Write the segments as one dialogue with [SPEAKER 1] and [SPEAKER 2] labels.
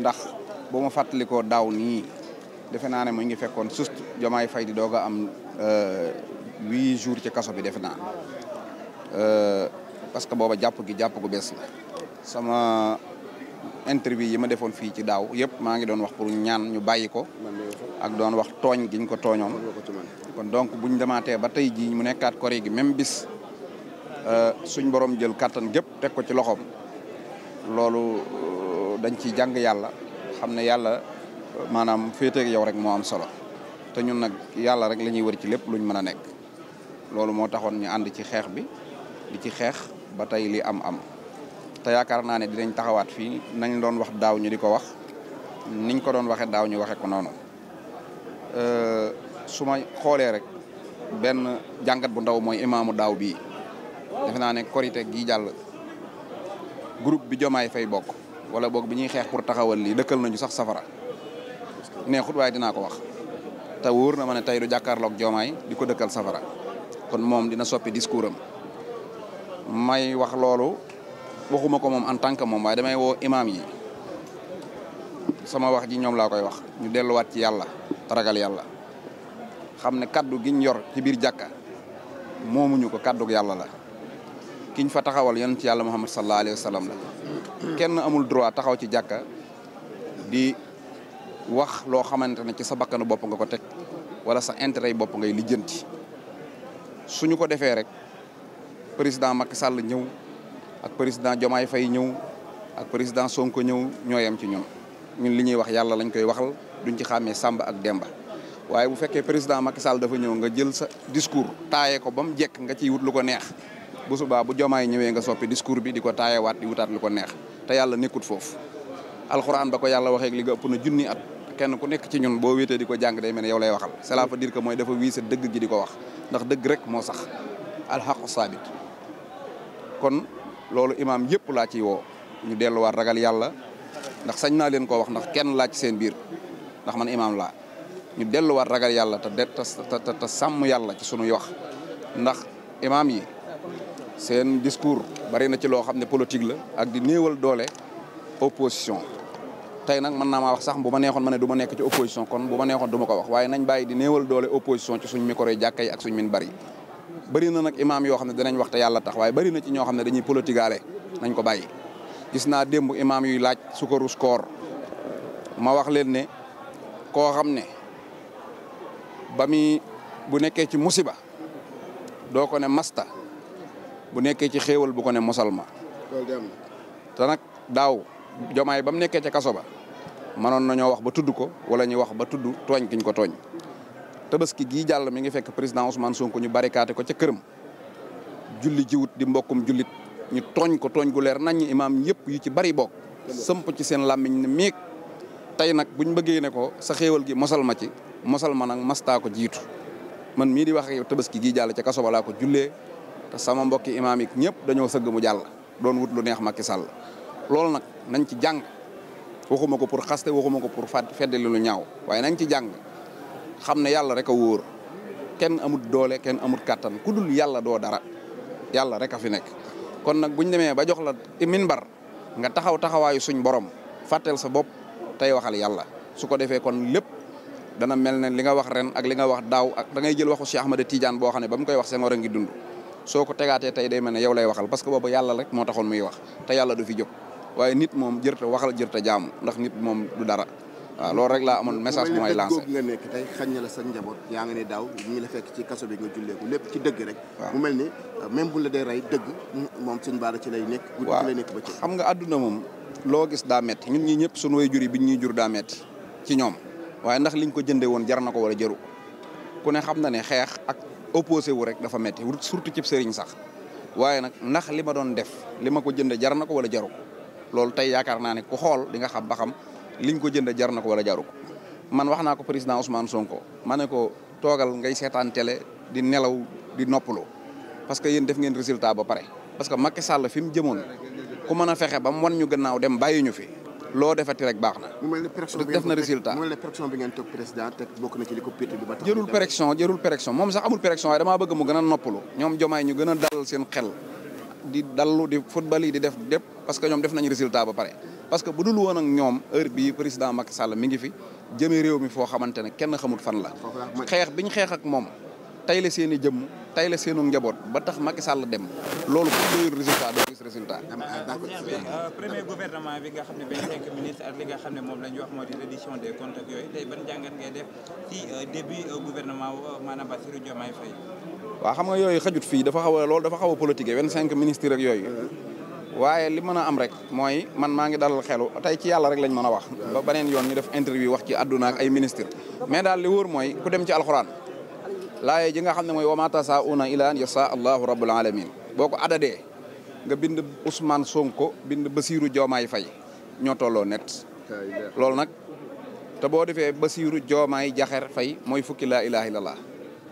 [SPEAKER 1] ndax bu ma fàttalikoo daaw nii defe naa ne mu ngi fekkoon sust Diomaye Faye di doog a am euh, huit jours ci kaso bi defe naa euh, parce que booba jàpp gi jàpp gu bees la sama interview yi ma defoon fii ci daaw yëpp maa ngi doon wax pour ñaan ñu bàyyi ko ak doon wax tooñ giñ ko tooñoon kon donc buñ demaatee ba tey jii mu nekkaat kori gi même bis euh, suñ borom jël kàttan gépp teg ko ci loxoom loolu dañ ciy jàng yàlla xam ne yàlla maanaam féeteeg yow rek moo am solo te ñun nag yàlla rek lañuy ñuy wër ci lépp luñ mën a nekk loolu moo taxoon ñu ànd ci xeex bi di ci xeex ba tey li am am te yaakaar naa ne dinañ taxawaat fii nañ doon wax daaw ñu di ko wax niñ ko doon waxee daaw ñu waxee ko noonu su ma xoolee rek benn jàngat bu ndaw mooy imaamu daaw bi defe naa ne korite gii jàll groupe bi Jomaay Fay bokk wala boog bi ñuy xeex pour taxawal lii dëkkal nañu sax safara neexut waaye dinaa ko wax te wóor na ma ne tey du jàkkaarloog joomaay di ko dëkkal safara kon moom dina soppi discours am may wax loolu waxuma ko moom en tant que moom waaye damay woo imaam yi sama wax ji ñoom laa koy wax ñu delluwaat ci yàlla ragal yàlla xam ne kàddu giñ yor ci biir jàkka moomuñu ko kàddu yàlla la ki ñu fa taxawal ci yàlla muhammad sallallahu alayhi wa sallam la kenn amul droit taxaw ci jàkka di wax loo xamante ne ci sa bakkanu bopp nga ko teg wala sa intérêt yi bopp ngay lijjanti suñu ko defee rek président Macky Sall ñëw ak président Diomaye fay ñëw ak président Sonko ñëw ñooyam ci ñun ñun li ñuy wax yàlla lañ koy waxal duñ ci xàmmee Samba ak Demba waaye bu fekkee président Macky Sall dafa ñëw nga jël sa discours taaye ko ba mu jekk nga ciy wut lu ko neex bu subaa bu jomaay ñëwee nga soppi discours bi di ko taayewaat di wutaat lu ko neex te yàlla nekkut al alxuraan ba ko yàlla waxee li a ëpp na junni at kenn ku nekk ci ñun boo wéetee di ko jàng day mel ne yow lay waxal cela veut dire que mooy dafa wii sa dëgg gi di ko wax ndax dëgg rek moo sax alxaqu saabit kon loolu imaam yëpp laa ciy woo ñu delluwaat ragal yàlla ndax sañ naa leen ko wax ndax kenn laa ci seen biir ndax man imaam laa ñu delluwaat ragal yàlla te de sàmm yàlla ci sunuy wax ndax imaam yi seen discours bari na ci loo xam ne politique la ak di néewal doole opposition tey nag man naa ma wax sax bu ma neexoon ma ne du ma nekk ci opposition kon bu ma neexoon du ma ko wax waaye nañ bàyyi di néewal doole opposition ci suñ micro yi jàkka yi ak suñ min bari bëri na nag imaam yoo xam ne danañ wax te yàlla tax waaye bëri na ci ñoo xam ne dañuy politigaale nañ ko bàyyi gis naa démb imaam yuy laaj sukaru koor ma wax leen ne koo xam ne ba muy bu nekkee ci musiba doo masta bu nekkee ci xéewal bu ko ne mosalma ma daaw jomaay ba mu nekkee ca kaso ba mënoon nañoo wax ba tudd ko wala ñu wax ba tudd tooñ kiñ ko tooñ tabaski gii jàll mi ngi fekk président Ousmane ko ñu barikaate ko ca këram julli jiwut di mbokkum jullit ñu tooñ ko tooñ gu leer nañ imaam yëpp yu ci bari bokk sëmp ci seen làmmiñ ne miig tey nag buñ bëggee ne ko sa xéewal gi mosal ma ci mosal ma nag mastaa ko jiitu man mii di wax ak yow gii jàll ca kaso ba ko jullee te sama mbokki imaam yi ñëpp dañoo sëgg mu jàll doon wut lu neex Macky Sall loolu nag nañ ci jàng waxuma ko pour xaste waxuma ko pour feddali lu ñaaw waaye nañ ci jàng xam ne yàlla rek a wóor kenn amut doole kenn amut kàttan ku dul yàlla doo dara yàlla rek a fi nekk kon nag buñ demee ba jox la minbar nga taxaw taxawaayu suñ borom fàtteel sa bopp tey waxal yàlla su ko defee kon lépp dana mel ne li nga wax ren ak li nga wax daaw ak da ngay jël waxu Cheikh Ahmada Tidiane boo xam ne ba mu koy wax Senghor a ngi dund soo ko tegaatee tey day mel ne yow lay waxal parce que boobu yàlla rek moo taxoon muy wax te yàlla du fi jóg waaye nit moom jërta waxal jërta jaamu ndax nit moom du dara loolu rek laa amoon message bu may lancé nga nekk tey la sa njaboot yaa nga ne daaw ñi la fekk ci kaso bi nga julleeku lépp ci dëgg rek mu mel ni euh, même bu la dee rey dëgg moom sëñ baara ci lay nekk guddi ci nekk ba ci nga àdduna moom loo gis daa metti ñun ñi ñëpp suñu way jur yi biñ ñuy jur daa metti ci ñoom waaye ndax liñ ko jënde woon jar na ko wala jëru xam na ne xeex opposé wu rek dafa metti surtout ci sëriñ sax waaye nag ndax li ma doon def li ma ko jënd jar na ko wala jaru ko loolu tey yaakaar naa ne ku xool di nga xam ba xam liñ ko jënd jar na ko wala jaru ko man wax naa ko président Ousmane Sonko ma ne ko toogal ngay seetaan tele di nelaw di noppalu parce que yéen def ngeen résultat ba pare parce que Macky Sall fi mu jëmoon ku mën a fexe ba mu wan ñu gannaaw dem bàyyi ñu fi loo defati rek baax na. def na résultat mu mel ne péréction bi ngeen toog président te bokk na ci li ko pété bi ba tax jërul péréction jërul péréction moom sax amul péréction waaye damaa bëgg mu gën a noppalu. ñoom jomaay ñu gën a dalal seen xel di dallu di football yi di def lépp parce que ñoom def nañu résultat ba pare. parce que bu dul woon ak ñoom heure bii président Macky Sall mi ngi fi jëmee réew mi foo xamante ne kenn xamul fan la. xeex bi ñu xeex ak moom tey la seen i tey la seenu njaboot ba tax Macky Sall dem loolu pour résultat gis résultat. Ah, ah, euh, premier gouvernement bi nga xam ne benn cinq ministre ak li nga xam ne moom la ñu moo di reddition des comptes ak euh, euh, gouvernement maanaam Bassirou Diomaye Faye. waaw xam nga yooyu xajut fii dafa xaw a loolu dafa xaw a politique vingt cinq ministres ak yooyu. waaye li mën a am rek mooy man maa ngi dalal xelu tey ci yalla rek lañ mën a wax. ba beneen yoon ñu def interview wax ci àdduna ak ay ministre mais daal li wóor mooy ku dem ci alxuraan laaye ji nga xam ne mooy wa ma tasaa'uuna ilaa an yasaa allahu rabbul alamin boo adadee nga bind Ousmane Sonko bind Basirou joomay fay ñoo tolloo net loolu nag te boo defee Basirou Diomaye Diakhar Faye mooy fukki laa ilaaha illallah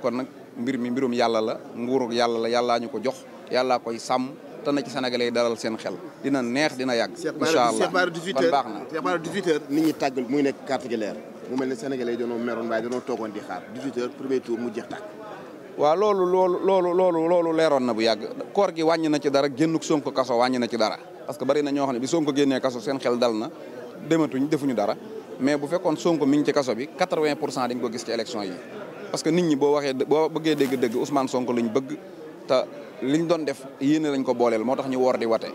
[SPEAKER 1] kon nag mbir mi mbirum yàlla la nguurug yàlla la yàllaa ñu ko jox yàllaa koy sàmm te na ci sénégalais yi dalal seen xel dina neex dina yàgg incha allah ban baax na Cheikh Bara 18h nit ñi muy nekk carte gi mu mel ne sénégalais yi dañoo meroon waaye dañoo di xaar 18h premier tour mu jeex tàkk waaw loolu loolu loolu loolu loolu leeroon na bu yàgg koor gi wàññi na ci dara génnuk Sonko kaso wàññi na ci dara parce que bari na ñoo xam ne bi Sonko génnee kaso seen xel dal na dematuñ defuñu dara mais bu fekkoon Sonko mi ci kaso bi 80 pour cent dañ ko gis ci élection yi parce que nit ñi boo waxee boo bëggee dégg-dégg Ousmane Sonko lañ bëgg te liñ doon def yéene lañ ko booleel moo tax ñu woor di wate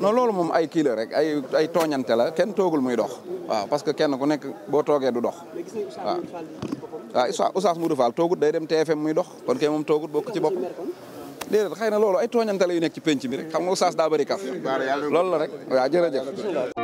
[SPEAKER 1] no loolu moom ay kii rek ay ay tooñante la kenn toogul muy dox waaw parce que kenn ku nekk boo toogee du dox waaw waaw Oustaz Oustaz Modou Fall toogut day dem TFM muy dox kon kay moom toogut bokk ci bopp déedéet xëy na loolu ay tooñante la yu nekk ci penc bi rek xam nga Oustaz daa bëri kaf loolu la rek waaw jërëjëf